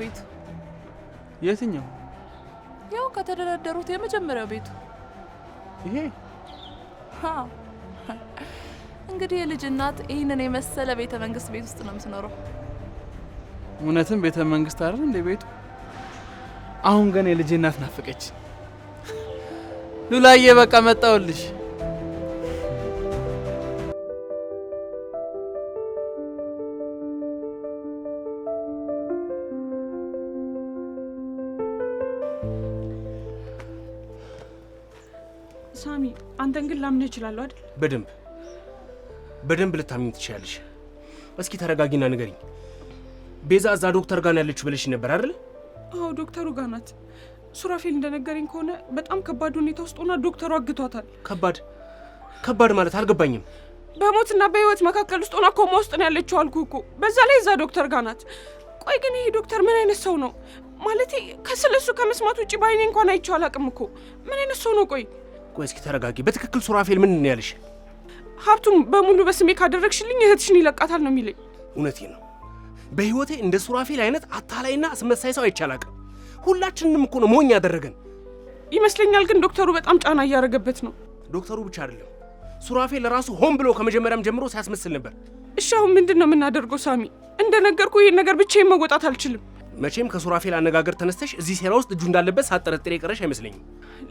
ቤት የትኛው? ያው ከተደረደሩት የመጀመሪያው ቤቱ ይሄ። እንግዲህ የልጅ እናት ይህንን የመሰለ ቤተ መንግስት ቤት ውስጥ ነው የምትኖረው። እውነትም ቤተ መንግስት አይደል እንደ ቤቱ። አሁን ገን የልጅ እናት ናፈቀች። ሉላዬ፣ በቃ መጣውልሽ። ሳሚ፣ አንተን ግን ላምን እችላለሁ አይደል? በደንብ በደንብ ልታምኝ ትችላለሽ። እስኪ ተረጋጊና ንገሪኝ። ቤዛ እዛ ዶክተር ጋር ያለችው ብለሽ ነበር አይደል? አዎ ዶክተሩ ጋር ናት። ሱራፌል እንደነገረኝ ከሆነ በጣም ከባድ ሁኔታ ውስጥ ሆና ዶክተሩ አግቷታል። ከባድ ከባድ ማለት አልገባኝም። በሞትና በህይወት መካከል ውስጥ ሆና ኮማ ውስጥ ነው ያለችው አልኩህ እኮ። በዛ ላይ እዛ ዶክተር ጋር ናት። ቆይ ግን ይሄ ዶክተር ምን አይነት ሰው ነው? ማለቴ ከስለሱ ከመስማት ውጭ በአይኔ እንኳን አይቼው አላውቅም እኮ። ምን አይነት ሰው ነው? ቆይ ቆይ እስኪ ተረጋጊ። በትክክል ሱራፌል ምን ነው ያልሽ? ሀብቱም በሙሉ በስሜ ካደረግሽልኝ እህትሽን ይለቃታል ነው የሚለኝ። እውነቴ ነው። በህይወቴ እንደ ሱራፌል አይነት አታላይና አስመሳይ ሰው አይቻላቅም። ሁላችንንም እኮ ነው ሞኝ ያደረገን ይመስለኛል። ግን ዶክተሩ በጣም ጫና እያደረገበት ነው። ዶክተሩ ብቻ አይደለም ሱራፌል ራሱ ሆን ብሎ ከመጀመሪያም ጀምሮ ሲያስመስል ነበር። እሺ አሁን ምንድን ነው የምናደርገው ሳሚ? እንደነገርኩ ይህን ነገር ብቻዬን መወጣት አልችልም። መቼም ከሱራፌል አነጋገር ተነስተሽ እዚህ ሴራ ውስጥ እጁ እንዳለበት ሳጠረጥሬ የቀረሽ አይመስለኝም።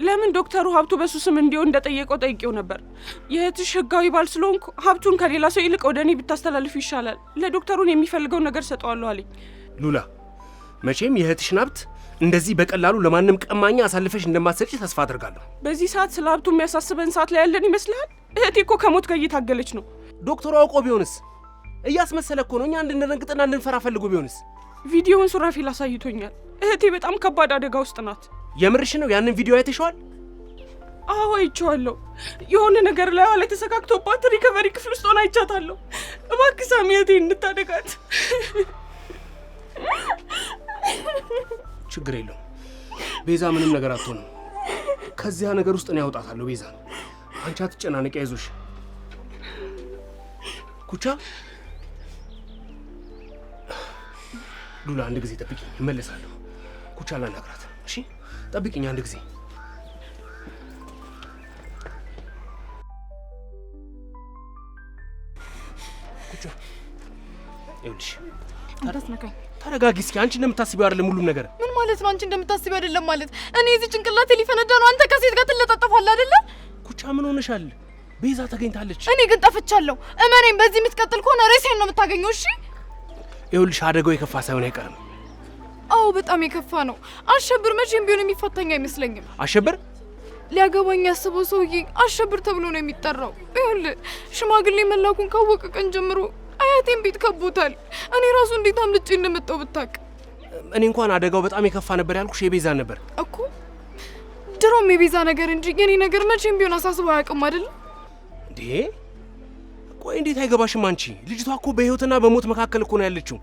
ለምን ዶክተሩ ሀብቱ በሱ ስም እንዲሆን እንደጠየቀው ጠይቄው ነበር። የእህትሽ ህጋዊ ባል ስለሆንኩ ሀብቱን ከሌላ ሰው ይልቅ ወደ እኔ ብታስተላልፍ ይሻላል፣ ለዶክተሩን የሚፈልገውን ነገር ሰጠዋለሁ አለኝ። ሉላ፣ መቼም የእህትሽን ሀብት እንደዚህ በቀላሉ ለማንም ቀማኛ አሳልፈሽ እንደማትሰጪ ተስፋ አድርጋለሁ። በዚህ ሰዓት ስለ ሀብቱ የሚያሳስበን ሰዓት ላይ ያለን ይመስልሃል? እህቴ እኮ ከሞት ጋር እየታገለች ነው። ዶክተሩ አውቆ ቢሆንስ? እያስመሰለ እኮ ነው። እኛ እንድንደነግጥና እንድንፈራ ፈልጎ ቢሆንስ? ቪዲዮውን ሱራፌል አሳይቶኛል። እህቴ በጣም ከባድ አደጋ ውስጥ ናት። የምርሽ ነው? ያንን ቪዲዮ አይተሸዋል? አዎ አይቼዋለሁ። የሆነ ነገር ላይ ላይ ተሰካክቶባት ሪከቨሪ ክፍል ውስጥ ሆና አይቻታለሁ። እባክህ ሳሚ እህቴን ችግር የለውም ቤዛ፣ ምንም ነገር አትሆንም። ከዚያ ነገር ውስጥ እኔ ያውጣታለሁ ቤዛ። አንቺ አትጨናነቂ፣ አይዞሽ ኩቻ ሉላ አንድ ጊዜ ጠብቂኝ፣ እመለሳለሁ። ኩቻላ ናግራት። እሺ ጠብቂኝ አንድ ጊዜ። ኩቻ ይኸውልሽ፣ እንዳትነካኝ። ተረጋጊ እስኪ። አንቺ እንደምታስቢው አይደለም ሁሉም ነገር። ምን ማለት ነው? አንቺ እንደምታስቢው አይደለም ማለት? እኔ እዚህ ጭንቅላቴ ሊፈነዳ ነው። አንተ ከሴት ጋር ትለጣጠፋል አይደለም? ኩቻ ምን ሆነሻል? ቤዛ ተገኝታለች። እኔ ግን ጠፍቻለሁ። እመኔም በዚህ የምትቀጥል ከሆነ ሬሴን ነው የምታገኘው። እሺ ይኸውልሽ አደጋው የከፋ ሳይሆን አይቀርም። አዎ በጣም የከፋ ነው። አሸብር መቼም ቢሆን የሚፈታኝ አይመስለኝም። አሸብር ሊያገባኝ ያስበው ሰውዬ አሸብር ተብሎ ነው የሚጠራው። ይኸውልህ ሽማግሌ መላኩን ካወቀ ቀን ጀምሮ አያቴን ቤት ከቦታል። እኔ ራሱ እንዴት አምልጬ እንደመጣው ብታቅ። እኔ እንኳን አደጋው በጣም የከፋ ነበር ያልኩሽ የቤዛ ነበር እኮ። ድሮም የቤዛ ነገር እንጂ የኔ ነገር መቼም ቢሆን አሳስበው አያውቅም አይደል እንዴ? ቆይ እንዴት አይገባሽም አንቺ? ልጅቷ እኮ በህይወትና በሞት መካከል እኮ ነው ያለችው።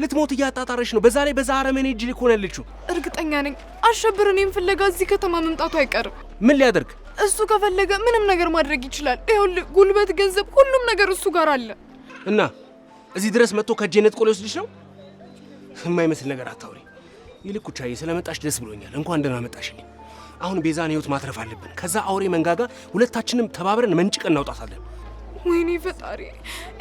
ልትሞት እያጣጣረች ነው። በዛ ላይ በዛ አረመኔ እጅ እኮ ነው ያለችው። እርግጠኛ ነኝ አሸብር እኔም ፍለጋ እዚህ ከተማ መምጣቱ አይቀርም። ምን ሊያደርግ? እሱ ከፈለገ ምንም ነገር ማድረግ ይችላል። ይኸውልህ ጉልበት፣ ገንዘብ፣ ሁሉም ነገር እሱ ጋር አለ እና እዚህ ድረስ መጥቶ ከጀነት ቆሎ ይወስድሽ ነው። የማይመስል ነገር አታውሪ። ይልቅ ኩቻዬ ስለመጣሽ ደስ ብሎኛል። እንኳን ደህና መጣሽልኝ። አሁን ቤዛን ህይወት ማትረፍ አለብን። ከዛ አውሬ መንጋጋ ሁለታችንም ተባብረን መንጭቀን እናውጣታለን። ወይኔ ፈጣሪ፣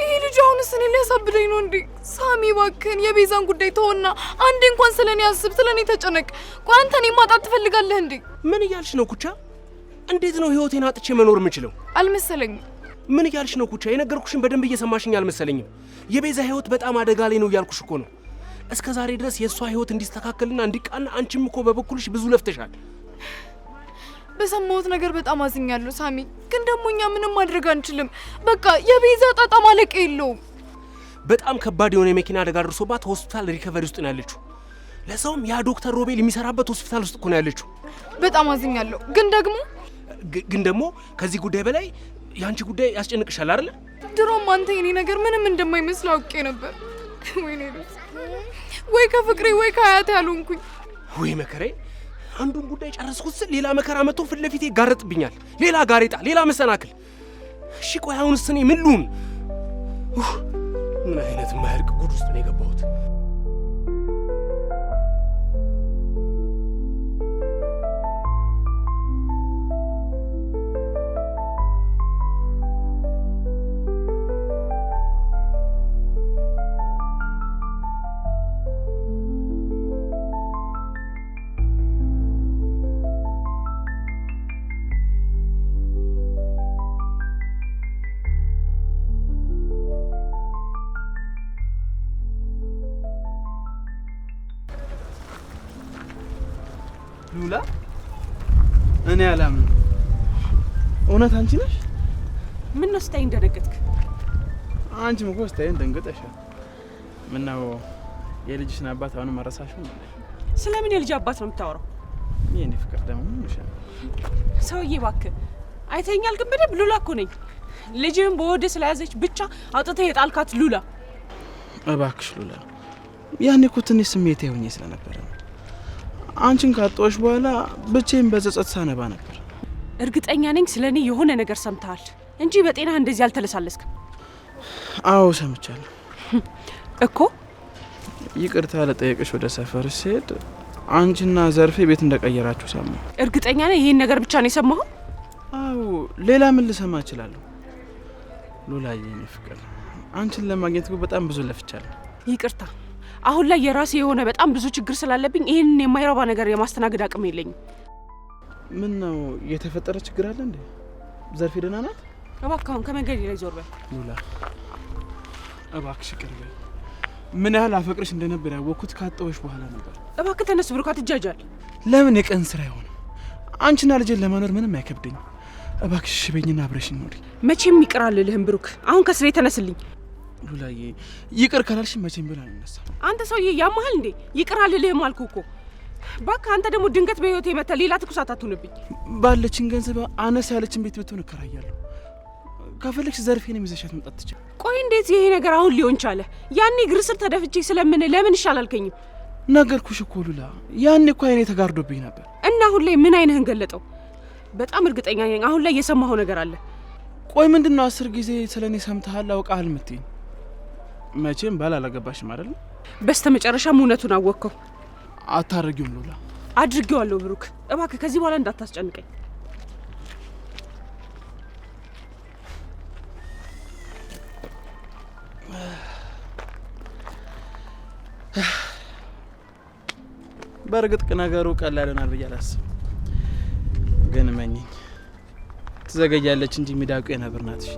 ይሄ ልጅ አሁን እኔን ሊያሳብደኝ ነው እንዴ? ሳሚ ባክን የቤዛን ጉዳይ ተወና አንዴ እንኳን ስለ ያስብ አስብ፣ ስለ ተጨነቅ። ቆይ አንተ ማጣት ትፈልጋለህ እንዴ? ምን እያልሽ ነው ኩቻ? እንዴት ነው ህይወቴን አጥቼ መኖር የምችለው? አልመሰለኝም። ምን እያልሽ ነው ኩቻ? የነገርኩሽን በደንብ እየሰማሽኝ አልመሰለኝም። የቤዛ ህይወት በጣም አደጋ ላይ ነው እያልኩሽ እኮ ነው። እስከ ዛሬ ድረስ የእሷ ህይወት እንዲስተካከልና እንዲቃና አንቺም እኮ በበኩልሽ ብዙ ለፍተሻል። በሰማሁት ነገር በጣም አዝኛለሁ ሳሚ። ግን ደግሞ እኛ ምንም ማድረግ አንችልም። በቃ የቤዛ ጣጣ ማለቅ የለውም። በጣም ከባድ የሆነ የመኪና አደጋ ደርሶባት ሆስፒታል ሪከቨሪ ውስጥ ነው ያለችው። ለሰውም ያ ዶክተር ሮቤል የሚሰራበት ሆስፒታል ውስጥ እኮ ነው ያለችው። በጣም አዝኛለሁ። ግን ደግሞ ግን ደግሞ ከዚህ ጉዳይ በላይ የአንቺ ጉዳይ ያስጨንቅሻል አይደለ? ድሮም አንተ የኔ ነገር ምንም እንደማይመስል አውቄ ነበር። ወይ ወይ ከፍቅሬ ወይ ከአያት ያልሆንኩኝ ወይ መከሬ አንዱን ጉዳይ ጨረስኩት ስል ሌላ መከራ መጥቶ ፊት ለፊቴ ይጋረጥብኛል። ሌላ ጋሬጣ፣ ሌላ መሰናክል። እሺ ቆይ አሁንስ እኔ ምን ልሁን? ምን አይነት ማያልቅ ጉድ ውስጥ ነው የገባሁት? እኔ አላምንም። እውነት አንቺ ነሽ? ምን ነው ስታይ እንደነገጥክ? አንቺም እኮ ስታይ ደንገጠሻል። ምን ነው የልጅሽን አባት አሁንም አረሳሽው? ስለምን የልጅ አባት ነው የምታወራው? የኔ ፍቅር ደግሞ ምንሻል? ሰውዬ እባክህ አይተኛል። ግን በደንብ ሉላ እኮ ነኝ። ልጅህን በወደ ስለያዘች ብቻ አውጥተህ የጣልካት ሉላ። እባክሽ ሉላ፣ ያኔ እኮ ትንሽ ስሜት የሆኜ ስለነበረ ነው አንቺን ካጣሁሽ በኋላ ብቼን በጸጸት ሳነባ ነበር። እርግጠኛ ነኝ ስለ እኔ የሆነ ነገር ሰምተሃል እንጂ በጤና እንደዚህ አልተለሳለስክም። አዎ ሰምቻለሁ እኮ። ይቅርታ ለጠየቅሽ ወደ ሰፈር ሲሄድ አንቺና ዘርፌ ቤት እንደቀየራችሁ ሰማሁ። እርግጠኛ ነኝ ይህን ነገር ብቻ ነው የሰማሁ። አዎ ሌላ ምን ልሰማ እችላለሁ? ሉላዬ፣ የኔ ፍቅር፣ አንቺን ለማግኘት በጣም ብዙ ለፍቻለሁ። ይቅርታ አሁን ላይ የራሴ የሆነ በጣም ብዙ ችግር ስላለብኝ ይህንን የማይረባ ነገር የማስተናገድ አቅም የለኝም። ምን ነው የተፈጠረ ችግር አለ እንዴ? ዘርፌ ደህና ናት? እባክህ አሁን ከመንገድ ላይ ዞር በል ሉላ። እባክሽ ይቅር በይ። ምን ያህል አፈቅርሽ እንደነበር ያወቅኩት ካጣሁሽ በኋላ ነበር። እባክህ ተነስ ብሩክ፣ አትጃጃል። ለምን የቀን ስራ አይሆንም? አንቺና ልጅን ለመኖር ምንም አይከብደኝ። እባክሽ ሽበኝና አብረሽኝ ኖሪ። መቼም ይቅር አልልህም ብሩክ። አሁን ከስሬ ተነስልኝ። ሉላዬ ይቅር ካላልሽ መቼም ቢሆን አልነሳም። አንተ ሰውዬ ያመሃል እንዴ? ይቅር አልልህም አልኩ እኮ። እባክህ አንተ ደግሞ ድንገት በህይወት የመተ ሌላ ትኩሳት አትሁንብኝ። ባለችን ገንዘብ አነስ ያለችን ቤት ብትሆን እከራያለሁ። ከፈለግሽ ዘርፌን የሚዘሻት መምጣት ትችል። ቆይ እንዴት ይሄ ነገር አሁን ሊሆን ቻለ? ያኔ እግር ስር ተደፍቼ ስለምን ለምን ይሻል አልከኝም? ነገርኩሽ እኮ ሉላ፣ ያኔ እኮ አይኔ ተጋርዶብኝ ነበር። እና አሁን ላይ ምን አይነህን ገለጠው? በጣም እርግጠኛ ነኝ አሁን ላይ የሰማኸው ነገር አለ። ቆይ ምንድን ነው አስር ጊዜ ስለ እኔ ሰምተሃል አውቃሃል ምትኝ መቼም ባል አላገባሽም አይደል? በስተ መጨረሻም እውነቱን አወቅከው። አታረጊውም ሉላ። አድርጌዋለሁ ብሩክ፣ እባክህ ከዚህ በኋላ እንዳታስጨንቀኝ። በእርግጥ ነገሩ ቀላል ይሆናል ብዬ አላስብ፣ ግን መኝኝ ትዘገያለች እንጂ ሚዳቁ የነብር ናትሽ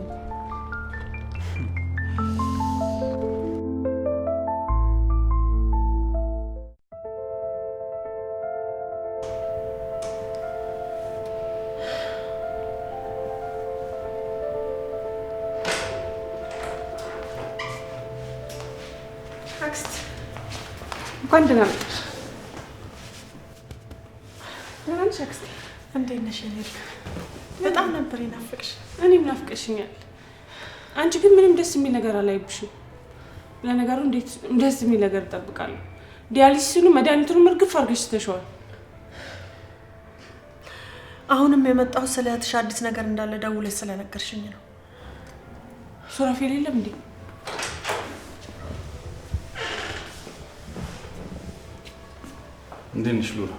አክስት እንኳን ደህና መጣሽ። ደህና ነሽ አክስቴ? እንዴት ነሽ? በጣም ነበር የናፈቅሽ። እኔም ናፍቀሽኛል። አንቺ ግን ምንም ደስ የሚል ነገር አላይብሽም። ለነገሩ እንዴት ደስ የሚል ነገር እጠብቃለሁ? ዲያሊሲሱ መድኃኒቱንም እርግፍ አድርገሽ ትተሽዋል። አሁንም የመጣው ስለ እህትሽ አዲስ ነገር እንዳለ ደውለሽ ስለነገርሽኝ ነው። ሱራፌል የለም እንዴ? እንዴት ነሽ ሉላ?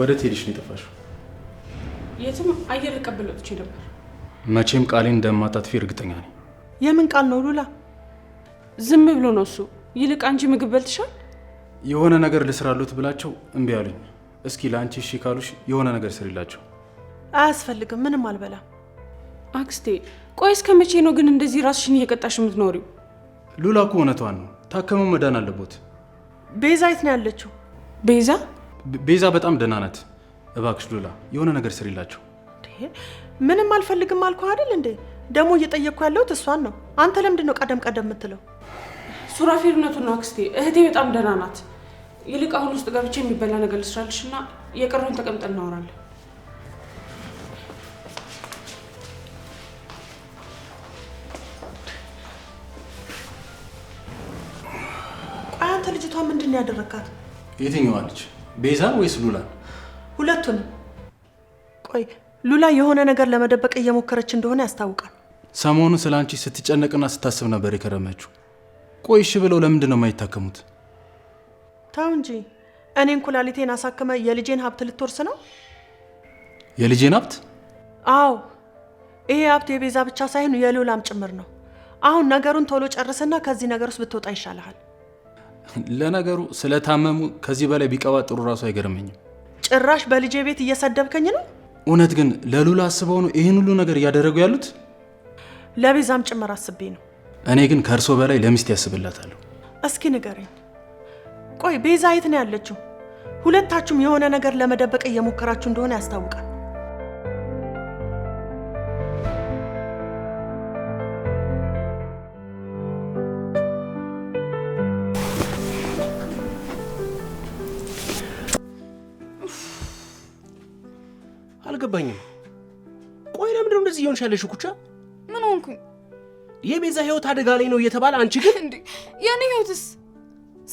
ወደ ቴዲሽ ነው የጠፋሽው? የትም አየር ልቀበል ወጥቼ ነበር። መቼም ቃሌን እንደማታጥፊ እርግጠኛ ነኝ። የምን ቃል ነው ሉላ? ዝም ብሎ ነው እሱ። ይልቅ አንቺ ምግብ በልትሻል? የሆነ ነገር ልስራሉት ብላቸው እምቢ አሉኝ። እስኪ ለአንቺ እሺ ካሉሽ የሆነ ነገር ስሪላቸው። አያስፈልግም፣ ምንም አልበላም። አክስቴ፣ ቆይ እስከ መቼ ነው ግን እንደዚህ ራስሽን እየቀጣሽ የምትኖሪው? ሉላ እኮ እውነቷን ነው። ታከመው መዳን አለቦት ቤዛ የት ነው ያለችው? ቤዛ ቤዛ በጣም ደህና ናት። እባክሽ ዶላ የሆነ ነገር ስሪላቸው። ምንም አልፈልግም አልኩህ አይደል እንዴ? ደግሞ እየጠየቅኩ ያለሁት እሷን ነው። አንተ ለምንድን ነው ቀደም ቀደም የምትለው? ሱራፌል ነው አክስቴ፣ እህቴ በጣም ደህና ናት። ይልቅ አሁን ውስጥ ገብቼ የሚበላ ነገር ልስራልሽና የቀረውን ተቀምጠን እናወራለን። ልጅቷ ምንድን ነው ያደረካት? የትኛዋ ልጅ ቤዛን ወይስ ሉላ ሁለቱንም። ቆይ ሉላ የሆነ ነገር ለመደበቅ እየሞከረች እንደሆነ ያስታውቃል። ሰሞኑን ስለ አንቺ ስትጨነቅና ስታስብ ነበር የከረመችው። ቆይ እሺ ብለው ለምንድን ነው የማይታከሙት? ተው እንጂ እኔን ኩላሊቴን አሳክመ የልጄን ሀብት ልትወርስ ነው? የልጄን ሀብት? አዎ ይሄ ሀብት የቤዛ ብቻ ሳይሆን የሉላም ጭምር ነው። አሁን ነገሩን ቶሎ ጨርስና ከዚህ ነገር ውስጥ ብትወጣ ይሻልሃል። ለነገሩ ስለታመሙ ከዚህ በላይ ጥሩ እራሱ አይገርመኝም። ጭራሽ በልጄ ቤት እየሰደብከኝ ነው። እውነት ግን ለሉላ አስበው ነው ይህን ሁሉ ነገር እያደረጉ ያሉት? ለቤዛም ጭምር አስቤ ነው። እኔ ግን ከእርሶ በላይ ለሚስት ያስብላታለሁ። እስኪ ንገረኝ፣ ቆይ ቤዛ የት ነው ያለችው? ሁለታችሁም የሆነ ነገር ለመደበቅ እየሞከራችሁ እንደሆነ ያስታውቃል። አልገባኝም። ቆይ ለምንድን ነው እንደዚህ እየሆንሽ ያለሽው? ኩቻ ምን ሆንኩኝ? የቤዛ ህይወት አደጋ ላይ ነው እየተባለ አንቺ ግን እንዴ! የኔ ህይወትስ?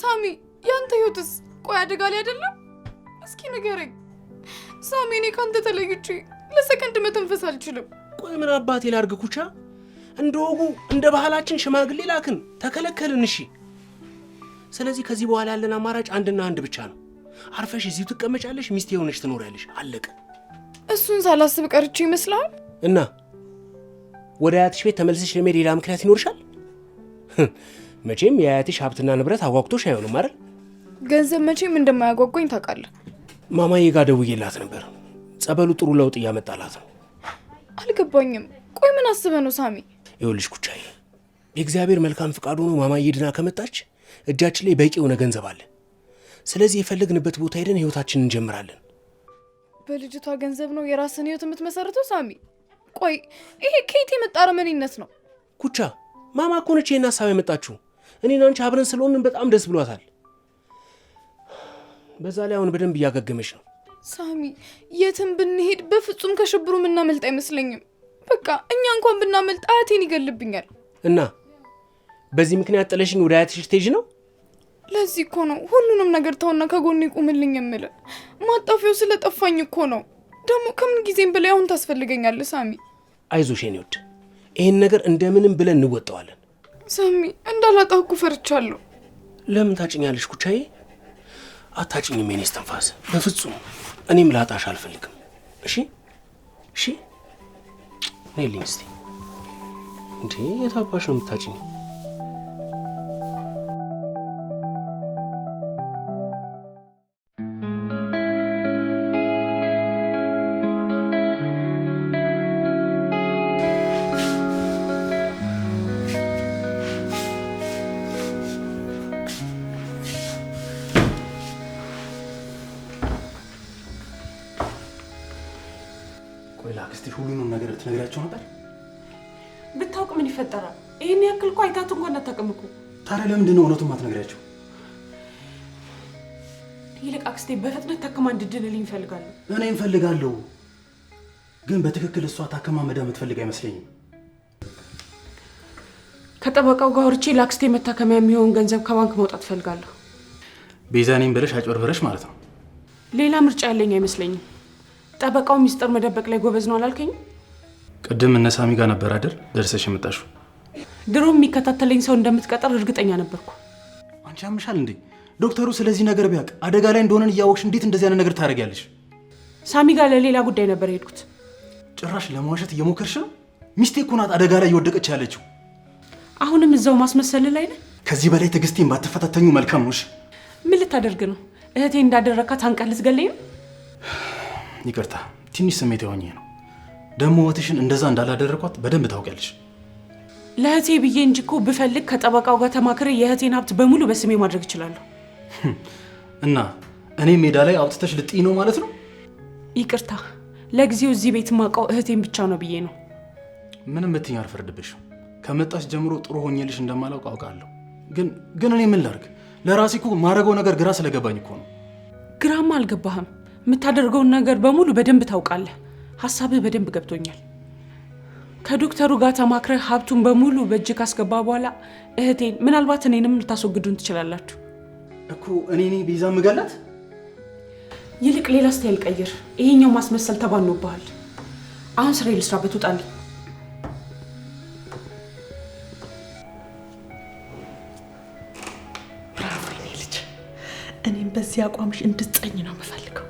ሳሚ ያንተ ህይወትስ? ቆይ አደጋ ላይ አይደለም? እስኪ ንገረኝ ሳሚ። እኔ ከአንተ ተለይቼ ለሰከንድ መተንፈስ አልችልም። ቆይ ምን አባቴ ላድርግ ኩቻ? እንደ ወጉ እንደ ባህላችን ሽማግሌ ላክን፣ ተከለከልን። እሺ ስለዚህ ከዚህ በኋላ ያለን አማራጭ አንድና አንድ ብቻ ነው። አርፈሽ እዚሁ ትቀመጫለሽ፣ ሚስቴ ሆነሽ ትኖሪያለሽ። አለቀ። እሱን ሳላስብ ቀርቼ ይመስላል። እና ወደ አያትሽ ቤት ተመልሰሽ ለመሄድ ሌላ ምክንያት ይኖርሻል? መቼም የአያትሽ ሀብትና ንብረት አጓጉቶሽ አይሆንም አይደል? ገንዘብ መቼም እንደማያጓጓኝ ታውቃለህ። ማማዬ ጋ ደውዬላት ነበር። ጸበሉ ጥሩ ለውጥ እያመጣላት ነው። አልገባኝም። ቆይ ምን አስበህ ነው ሳሚ? ይኸውልሽ ኩቻዬ፣ የእግዚአብሔር መልካም ፍቃድ ሆኖ ማማዬ ድና ከመጣች እጃችን ላይ በቂ የሆነ ገንዘብ አለ። ስለዚህ የፈለግንበት ቦታ ሄደን ህይወታችንን እንጀምራለን። በልጅቷ ገንዘብ ነው የራስን ህይወት የምትመሰርተው? ሳሚ ቆይ ይሄ ከየት የመጣ አረመኔነት ነው? ኩቻ ማማ እኮ ነች ይህን ሀሳብ ያመጣችሁ። እኔና አንቺ አብረን ስለሆንን በጣም ደስ ብሏታል። በዛ ላይ አሁን በደንብ እያገገመች ነው። ሳሚ የትም ብንሄድ በፍጹም ከሽብሩ የምናመልጥ አይመስለኝም። በቃ እኛ እንኳን ብናመልጥ አያቴን ይገልብኛል። እና በዚህ ምክንያት ጥለሽኝ ወደ አያትሽ ትሄጂ ነው? ለዚህ እኮ ነው ሁሉንም ነገር ተውና ከጎን ይቁምልኝ የምል። ማጣፊያው ስለጠፋኝ እኮ ነው። ደግሞ ከምን ጊዜም በላይ አሁን ታስፈልገኛለህ ሳሚ። አይዞሽ የኔ ውድ፣ ይህን ነገር እንደምንም ብለን እንወጣዋለን። ሳሚ እንዳላጣሁ እኮ ፈርቻለሁ። ለምን ታጭኛለሽ ኩቻዬ? አታጭኝም የኔ እስትንፋስ፣ በፍጹም እኔም ላጣሽ አልፈልግም። እሺ እሺ፣ ኔልኝ እስቲ። እንዴ የታባሽ ነው የምታጭኝ? አይታት እንኳን እንዳታውቅም እኮ። ታዲያ ለምንድን ነው እውነቱን ማትነግሪያቸው? ይልቅ አክስቴ በፍጥነት ታክማ እንድድንልኝ እፈልጋለሁ። እኔ እፈልጋለሁ፣ ግን በትክክል እሷ ታክማ መዳ የምትፈልግ አይመስለኝም። ከጠበቃው ጋር አውርቼ ለአክስቴ መታከሚያ የሚሆን ገንዘብ ከባንክ መውጣት እፈልጋለሁ። ቤዛኔም እኔን ብለሽ አጭበርብረሽ ማለት ነው? ሌላ ምርጫ ያለኝ አይመስለኝም። ጠበቃው ሚስጥር መደበቅ ላይ ጎበዝ ነው አላልከኝም? ቅድም እነ ሳሚ ጋር ነበር አይደል ደርሰሽ የመጣሽው? ድሮ የሚከታተለኝ ሰው እንደምትቀጠር እርግጠኛ ነበርኩ። አንቺ አምሻል እንዴ? ዶክተሩ ስለዚህ ነገር ቢያውቅ አደጋ ላይ እንደሆነን እያወቅሽ እንዴት እንደዚህ አይነት ነገር ታደርጊያለሽ? ሳሚ ጋር ለሌላ ጉዳይ ነበር የሄድኩት። ጭራሽ ለመዋሸት እየሞከርሽ ነው። ሚስቴ እኮ ናት አደጋ ላይ እየወደቀች ያለችው። አሁንም እዛው ማስመሰል ላይ ነህ። ከዚህ በላይ ትዕግስቴን ባትፈታተኙ መልካም ነው። ምን ልታደርግ ነው? እህቴ እንዳደረካት አንቀህ ልትገለኝ ነው? ይቅርታ፣ ትንሽ ስሜት የሆኜ ነው። ደግሞ እህትሽን እንደዛ እንዳላደረኳት በደንብ ታውቂያለሽ። ለእህቴ ብዬ እንጂ እኮ ብፈልግ ከጠበቃው ጋር ተማክሬ የእህቴን ሀብት በሙሉ በስሜ ማድረግ እችላለሁ። hm. እና እኔ ሜዳ ላይ አውጥተሽ ልጥይ ነው ማለት ነው? ይቅርታ፣ ለጊዜው እዚህ ቤት ማውቀው እህቴን ብቻ ነው ብዬ ነው። ምንም ብትይኝ አልፈርድብሽም። ከመጣሽ ጀምሮ ጥሩ ሆኜልሽ እንደማላውቅ አውቃለሁ። ግን ግን እኔ ምን ላርግ? ለራሴ እኮ ማድረገው ነገር ግራ ስለገባኝ እኮ ነው። ግራማ አልገባህም። የምታደርገውን ነገር በሙሉ በደንብ ታውቃለህ። ሀሳብህ በደንብ ገብቶኛል። ከዶክተሩ ጋር ተማክረህ ሀብቱን በሙሉ በእጅ ካስገባ በኋላ እህቴን ምናልባት እኔንም ልታስወግዱን ትችላላችሁ እኮ። እኔ ቤዛ ምገላት? ይልቅ ሌላ ስታይል ቀይር። ይሄኛው ማስመሰል ተባኖብሃል። አሁን ስራ ልስራበት፣ ውጣልኝ። ብራቮ የኔ ልጅ። እኔም በዚህ አቋምሽ እንድትጸኝ ነው የምፈልገው።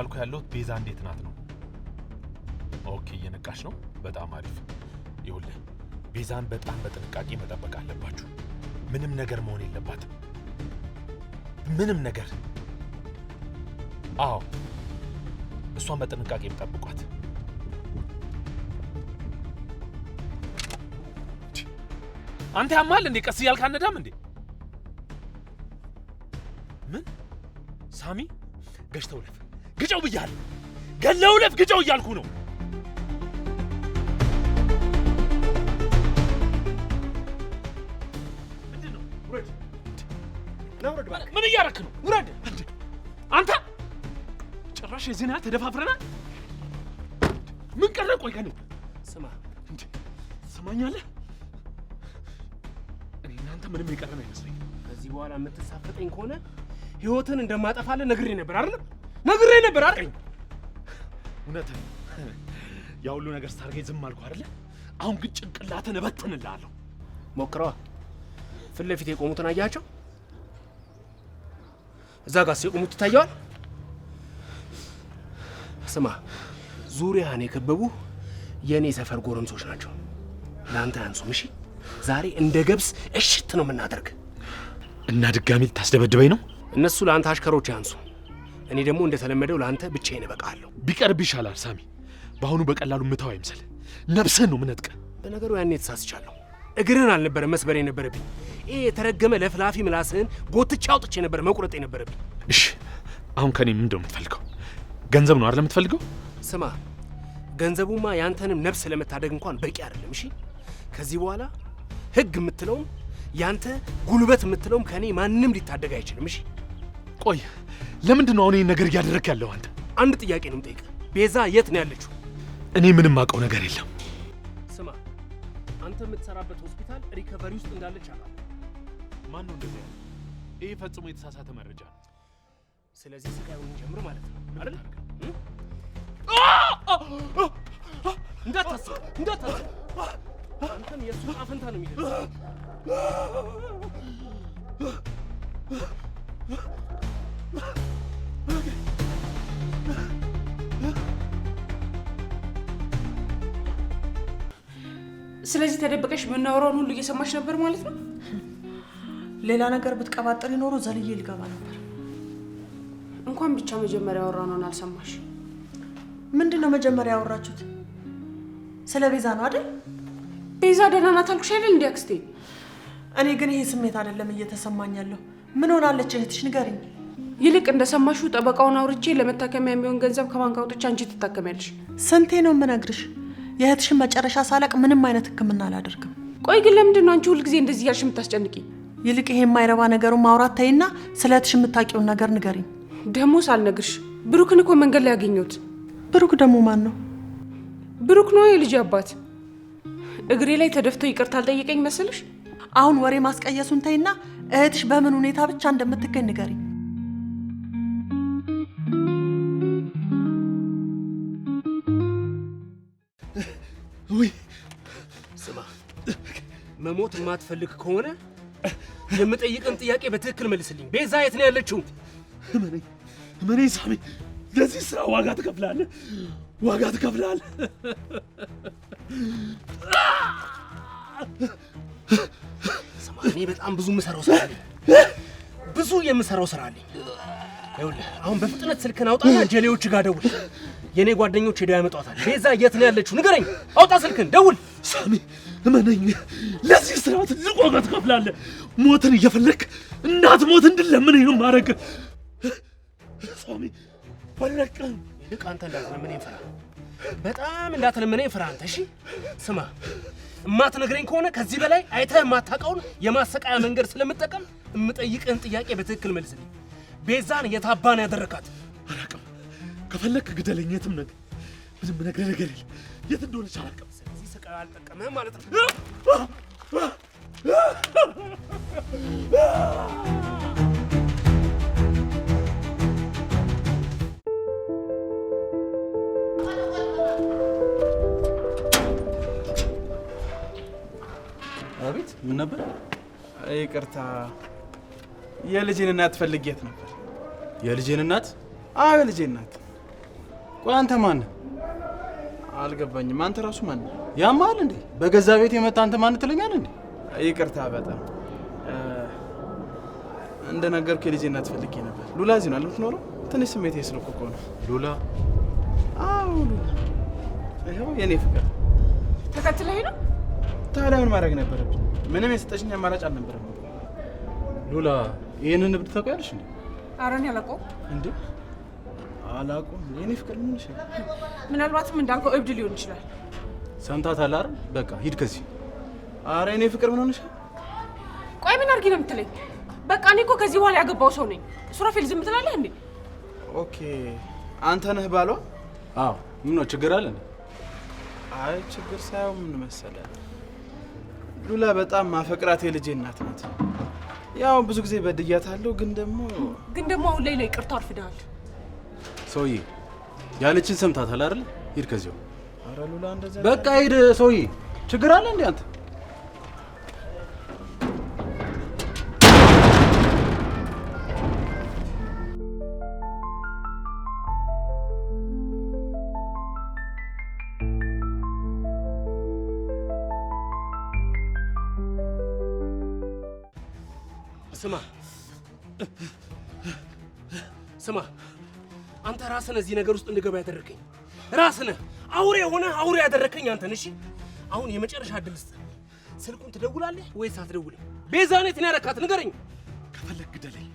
እያልኩ ያለሁት ቤዛ እንዴት ናት ነው። ኦኬ እየነቃሽ ነው። በጣም አሪፍ። ይኸውልህ ቤዛን በጣም በጥንቃቄ መጠበቅ አለባችሁ። ምንም ነገር መሆን የለባትም። ምንም ነገር። አዎ እሷን በጥንቃቄ ጠብቋት። አንተ ያማል እንዴ? ቀስ እያልክ አነዳም እንዴ? ምን ሳሚ ገሽተውልፍ ግጨው ብያለሁ። ለፍ ግጨው እያልኩ ነው። ምን እያረክ ነው? ውረድ አንተ! ጭራሽ የዜና ተደፋፍረናል። ምን ቀረ? ቆይ ከኔ ስማ፣ ትሰማኛለህ? እኔ እናንተ ምንም የቀረን አይመስለኝም። ከዚህ በኋላ የምትሳፈጠኝ ከሆነ ህይወትን እንደማጠፋለ ነግሬ ነበር አይደለም ነግሬ ነበር አይደል? እውነት ያ ሁሉ ነገር ስታደርገኝ ዝም አልኩ አይደለ? አሁን ግን ጭንቅላትን እበትንልሃለሁ። ሞክረዋ። ፊት ለፊት የቆሙትን አያቸው? እዛ ጋር ሲቆሙት ይታየዋል። ስማ፣ ዙሪያን የከበቡ የእኔ ሰፈር ጎረምሶች ናቸው። ለአንተ ያንሱም። እሺ፣ ዛሬ እንደ ገብስ እሽት ነው የምናደርግ። እና ድጋሚ ልታስደበድበኝ ነው? እነሱ ለአንተ አሽከሮች ያንሱ። እኔ ደግሞ እንደተለመደው ለአንተ ብቻዬን እበቃለሁ። ቢቀርብ ይሻላል ሳሚ። በአሁኑ በቀላሉ ምታው አይምሰል፣ ነፍስህን ነው ምነጥቀ። በነገሩ ያኔ የተሳስቻለሁ። እግርህን አልነበረ መስበር የነበረብኝ። ይሄ የተረገመ ለፍላፊ ምላስህን ጎትቼ አውጥቼ ነበር መቁረጥ የነበረብኝ። እሺ አሁን ከኔ ምንድን የምትፈልገው? ገንዘብ ነው አይደል የምትፈልገው? ስማ ገንዘቡማ ያንተንም ነብስ ለመታደግ እንኳን በቂ አይደለም። እሺ ከዚህ በኋላ ህግ የምትለውም ያንተ ጉልበት የምትለውም ከእኔ ማንም ሊታደግ አይችልም። እሺ ቆይ ለምንድን ነው አሁን ይህን ነገር እያደረግክ ያለው አንተ? አንድ ጥያቄ ነው የምጠይቅህ። ቤዛ የት ነው ያለችው? እኔ ምንም አውቀው ነገር የለም። ስማ፣ አንተ የምትሰራበት ሆስፒታል ሪከቨሪ ውስጥ እንዳለች አላ ማን ነው እንደዚህ ያለ? ይህ ፈጽሞ የተሳሳተ መረጃ ነው። ስለዚህ ስቃዩን ጀምር ማለት ነው አይደል? እንዳታስብ፣ እንዳታስብ አንተም የእሱ አፈንታ ነው የሚደርስ ስለዚህ ተደብቀሽ የምናወራውን ሁሉ እየሰማች ነበር ማለት ነው። ሌላ ነገር ብትቀባጥሪ ኖሮ ዘልዬ ልገባ ነበር። እንኳን ብቻ መጀመሪያ ያወራነውን አልሰማሽ። ምንድን ነው መጀመሪያ ያወራችሁት? ስለ ቤዛ ነው አይደል? ቤዛ ደህና ናት አልኩሽ አይደል? እንዲ አክስቴ፣ እኔ ግን ይሄ ስሜት አይደለም እየተሰማኝ ያለው። ምን ሆናለች እህትሽ? ንገሪኝ ይልቅ እንደሰማሹ ጠበቃውን አውርቼ ለመታከሚያ የሚሆን ገንዘብ ከባንክ አውጥቼ አንቺ ትታከሚያለሽ። ስንቴ ነው የምነግርሽ? የእህትሽን መጨረሻ ሳላቅ ምንም አይነት ሕክምና አላደርግም። ቆይ ግን ለምንድን ነው አንቺ ሁልጊዜ እንደዚህ እያልሽ የምታስጨንቂ? ይልቅ ይሄ የማይረባ ነገሩን ማውራት ተይና ስለ እህትሽ የምታውቂውን ነገር ንገሪኝ። ደግሞ ሳልነግርሽ ብሩክን እኮ መንገድ ላይ ያገኘሁት። ብሩክ ደግሞ ማን ነው? ብሩክ ነው የልጅ አባት። እግሬ ላይ ተደፍቶ ይቅርታ አልጠየቀኝ መሰልሽ? አሁን ወሬ ማስቀየሱን ተይና እህትሽ በምን ሁኔታ ብቻ እንደምትገኝ ንገሪኝ። ውይ ስማ፣ መሞት የማትፈልግ ከሆነ የምጠይቅን ጥያቄ በትክክል መልስልኝ። ቤዛ የት ነው ያለችው? እመኔ ሳሚ፣ ለዚህ ስራ ዋጋ ትከፍላለህ፣ ዋጋ ትከፍላለህ። ስማ፣ እኔ በጣም ብዙ የምሰራው ስራ አለኝ፣ ብዙ የምሰራው ስራ አለኝ። ይኸውልህ አሁን በፍጥነት ስልክን አውጣና ጀሌዎች ጋር ደውል። የእኔ ጓደኞች ሄደው ያመጧታል። ቤዛ የት ነው ያለችው? ንገረኝ። አውጣ ስልክን፣ ደውል። ሳሚ እመነኝ፣ ለዚህ ስራ ትልቅ ዋጋ ትከፍላለህ። ሞትን እየፈለግክ እናት ሞት እንድለምንህ ነው ማድረግ። ሳሚ ወለቀን ይልቅ አንተ እንዳትለምነኝ ፍራ፣ በጣም እንዳትለምነኝ ፍራ። አንተ እሺ፣ ስማ እማትነግረኝ ከሆነ ከዚህ በላይ አይተህ የማታውቀውን የማሰቃያ መንገድ ስለምጠቀም የምጠይቅህን ጥያቄ በትክክል መልስልኝ። ቤዛን የታባን ያደረካት ከፈለክ ግደለኝ። የትም ነገር ምንም ነገር ነገር የለ። የት እንደሆነች አላውቅም። ስለዚህ ስቃዩ አልጠቀመህም ማለት ነው። አቤት፣ ምን ነበር? ይቅርታ፣ የልጄን እናት ፈልጌት ነበር። የልጄን እናት? አዎ፣ የልጄን እናት ቆይ አንተ ማነህ? አልገባኝም። አንተ ራሱ ማነህ? ያማል እንዴ? በገዛ ቤት የመጣ አንተ ማን ትለኛል እንዴ? ይቅርታ በጣም እንደነገርኩ የልጄ እናት ፈልጌ ነበር። ሉላ እዚህ ነው የምትኖረው? ትንሽ ስሜት የስልኩ እኮ ነው። ሉላ? አዎ ሉላ። ይኸው የእኔ ፍቅር ተከትለኸኝ ነው። ታዲያ ምን ማድረግ ነበረብኝ? ምንም የሰጠሽኝ አማራጭ አልነበረም። ሉላ፣ ይህንን ንብድ ታውቂያለሽ እንዴ? አረን ያለቆ እንዴ አላውቅም። የኔ ፍቅር ምን ይሻላል? ምናልባትም እንዳልከው እብድ ሊሆን ይችላል። ሰምታታል በቃ ሂድ ከዚህ። አረ የኔ ፍቅር ምን ሆነሽ? ቆይ ምን አድርጊ ነው የምትለኝ? በቃ እኔ እኮ ከዚህ በኋላ ያገባው ሰው ነኝ። ሱራፌል ዝም ትላለህ እንዴ? ኦኬ አንተ ነህ ባሏ? አዎ። ምን ነው ችግር አለ? አይ ችግር ሳይሆን ምን መሰለህ፣ ሉላ በጣም ማፈቅራት የልጄ እናት ናት። ያው ብዙ ጊዜ በድያታለሁ፣ ግን ደግሞ ግን ደግሞ አሁን ላይ ላይ ይቅርታ አርፍደሃል። ሰውዬ ያለችን ሰምታታል አይደል? ሂድ ከዚያው። በቃ ሂድ ሰውዬ። ችግር አለ እንዴ አንተ? ራስህ ነህ እዚህ ነገር ውስጥ እንድገባ ያደረከኝ። ራስ ነህ አውሬ የሆነ አውሬ ያደረከኝ አንተ ነህ። እሺ አሁን የመጨረሻ እድል ስጥህ። ስልኩን ትደውላለህ ወይስ አትደውልም? ቤዛ እኔ ትን ያረካት ንገረኝ። ከፈለክ ግደለኝ፣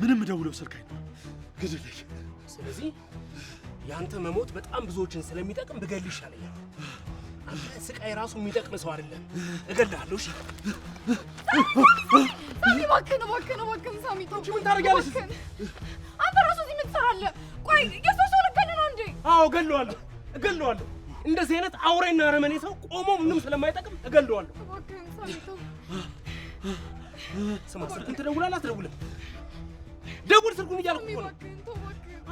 ምንም ደውለው ስልክ አይኖርም። ግደለኝ። ስለዚህ ያንተ መሞት በጣም ብዙዎችን ስለሚጠቅም ብገልህ ይሻለኛል። አንተ ስቃይ ራሱ የሚጠቅም ሰው አይደለም። እገልሃለሁ። እሺ ሳሚ፣ እባክህን፣ እባክህን፣ እባክህን ሳሚ፣ ተው። ምን ታደርጊያለሽ? አለ። ቆይ የሰው ሰው ልገለው እንዴ? አዎ እገለዋለሁ፣ እገለዋለሁ። እንደዚህ አይነት አውሬና አረመኔ ሰው ቆሞ ምንም ስለማይጠቅም እገለዋለሁ። ስማ፣ ስልክን ትደውላለህ አትደውልም? ደውል ስልኩን እያልኩ ነው።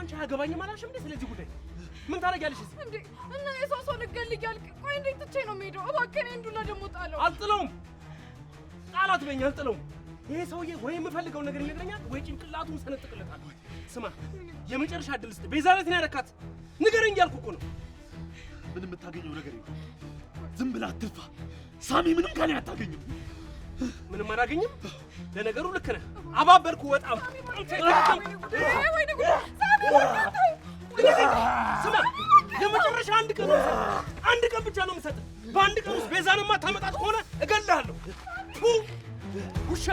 አንቺ አያገባኝም አላልሽም እንዴ? ስለዚህ ጉዳይ ምን ታደርጊያለሽ? እንዴ እና የሰው ሰው ልገል እያልክ ቆይ እንዴት ትቼ ነው የምሄደው? እባክህ እኔ እንዱላ ደግሞ ጣለው። አልጥለውም፣ ጣላት በይኝ፣ አልጥለውም ይሄ ሰውዬ ወይ የምፈልገው ነገር ይነግረኛል ወይ ጭንቅላቱን ሰነጥቅለታል። ስማ የመጨረሻ እድል ስጥ። ቤዛ ያረካት። ንገረኝ እያልኩ እኮ ነው። ምንም የምታገኘው ነገር የለም። ዝም ብላ አትልፋ ሳሚ። ምንም ከኔ አታገኝም። ምንም አላገኝም። ለነገሩ ልክ ነህ። አባበልኩ። ወጣም ስማ የመጨረሻ አንድ ቀን አንድ ቀን ብቻ ነው የምሰጥህ። በአንድ ቀን ውስጥ ቤዛንማ ታመጣት ከሆነ እገልሃለሁ። ውሻ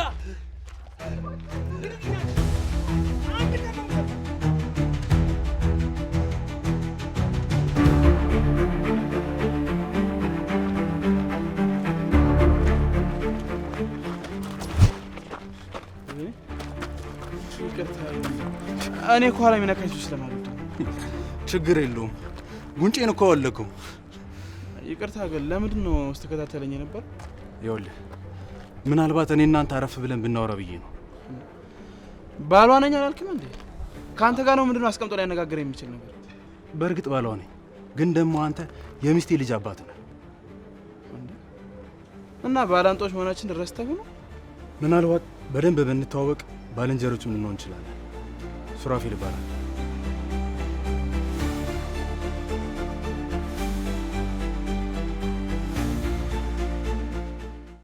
እኔ ኋላ የሚነካኝ ሰው ስለማልወድ ችግር የለውም። ጉንጬን እኮ አወለከው። ይቅርታ ግን ለምንድን ነው ስትከታተለኝ ነበር? ይኸውልህ ምናልባት እኔ እናንተ አረፍ ብለን ብናወራ ብዬ ነው። ባሏ ነኝ አላልክም እንዴ? ከአንተ ጋር ነው ምንድነው አስቀምጦ ሊያነጋግር የሚችል ነገር? በእርግጥ ባሏ ነኝ፣ ግን ደግሞ አንተ የሚስቴ ልጅ አባት ነው እና ባላንጦች መሆናችን ረስተህ ነው። ምናልባት በደንብ ብንተዋወቅ ባልንጀሮች ምንሆን እንችላለን። ሱራፌል ይባላል።